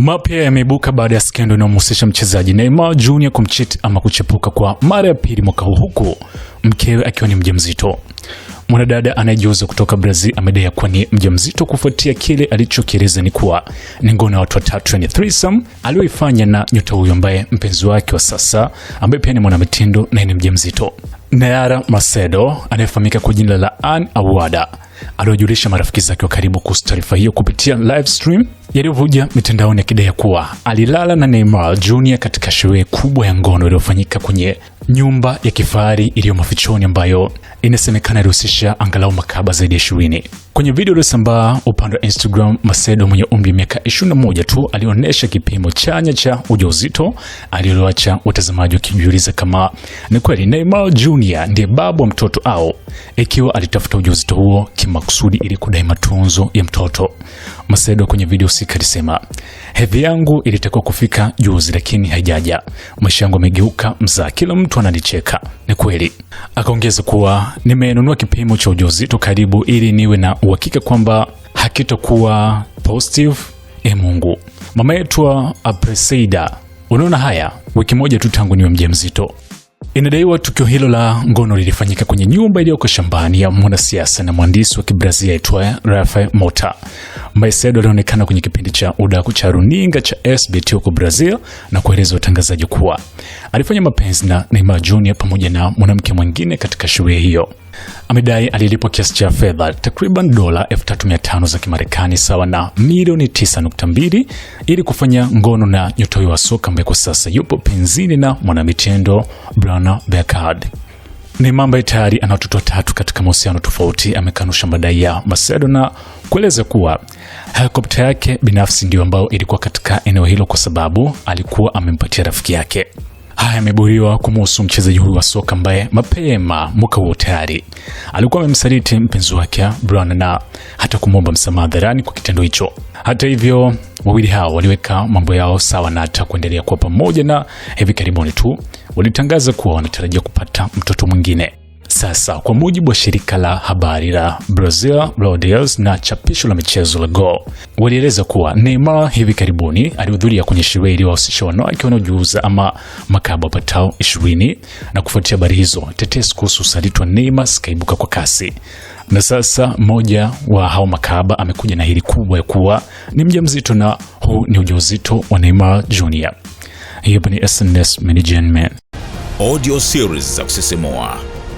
Mapya yameibuka baada ya skendo inayomhusisha mchezaji Neymar Jr kumchiti ama kuchepuka kwa mara ya pili mwaka huu huku mkewe akiwa ni mjamzito. Mwanadada anayejiuza kutoka Brazil amedai kuwa ni mjamzito kufuatia kile alichokieleza ni kuwa ni ngono ya watu watatu, yani threesome aliyoifanya na nyota huyo ambaye mpenzi wake wa sasa ambaye pia ni mwanamitindo na ni mjamzito. Nayara Macedo anayefahamika kwa jina la Anne Awada aliojulisha marafiki zake wa karibu kuhusu taarifa hiyo kupitia live stream yaliyovuja mitandaoni akidai ya kuwa alilala na Neymar Jr katika sherehe kubwa ya ngono iliyofanyika kwenye nyumba ya kifahari iliyo mafichoni ambayo inasemekana ilihusisha angalau makaba zaidi ya ishirini. Kwenye video iliyosambaa upande wa Instagram, Macedo mwenye umri wa miaka 21 tu alionyesha kipimo chanya cha ujauzito aliyoacha watazamaji wakijiuliza kama ni kweli Neymar Jr ndiye babu wa mtoto au ikiwa alitafuta ujauzito huo kimakusudi ili kudai matunzo ya mtoto. Macedo kwenye video husika alisema, hedhi yangu ilitakiwa kufika juzi, lakini haijaja. Maisha yangu amegeuka mzaa, kila mtu watu wananicheka, ni kweli. Akaongeza kuwa nimenunua kipimo cha ujauzito karibu, ili niwe na uhakika kwamba hakitokuwa positive. E Mungu, mama yetu Apreseida, unaona haya, wiki moja tu tangu niwe mzito Inadaiwa tukio hilo la ngono lilifanyika kwenye nyumba iliyoko shambani ya mwanasiasa na mwandisi wa Kibrazil aitwaye Rafael Mota Maisedo alionekana kwenye kipindi cha Udaku cha runinga cha SBT huko Brazil na kueleza watangazaji kuwa alifanya mapenzi na Neymar Jr pamoja na mwanamke mwingine katika shule hiyo. Amedai alilipwa kiasi cha fedha takriban dola 3500 za Kimarekani sawa na milioni 9.2 ili kufanya ngono na nyota huyo wa soka ambaye kwa sasa yupo penzini na mwanamitendo Brana Beckard. Neymar ambaye tayari ana watoto watatu katika mahusiano tofauti amekanusha madai ya Macedo na kueleza kuwa helikopta yake binafsi ndio ambayo ilikuwa katika eneo hilo kwa sababu alikuwa amempatia rafiki yake. Haya ameburiwa kumuhusu mchezaji huyu wa soka ambaye mapema mwaka huo tayari alikuwa amemsaliti mpenzi wake Brown na hata kumwomba msamaha hadharani kwa kitendo hicho. Hata hivyo, Wawili hao waliweka mambo yao sawa na hata kuendelea kuwa pamoja, na hivi karibuni tu walitangaza kuwa wanatarajia kupata mtoto mwingine. Sasa kwa mujibu wa shirika la habari la Brazil Deals, na chapisho la michezo la go walieleza kuwa Neymar hivi karibuni alihudhuria kwenye sherehe iliyowahusisha wanawake wanaojuuza ama makaba patao 20, na kufuatia habari hizo, tetesi kuhusu usaliti wa Neymar zikaibuka kwa kasi na sasa mmoja wa hao makaba amekuja na hili kubwa ya kuwa ni mjamzito na huu ni ujauzito wa Neymar junior Hiyo ni SNS Management. Audio series za kusisimua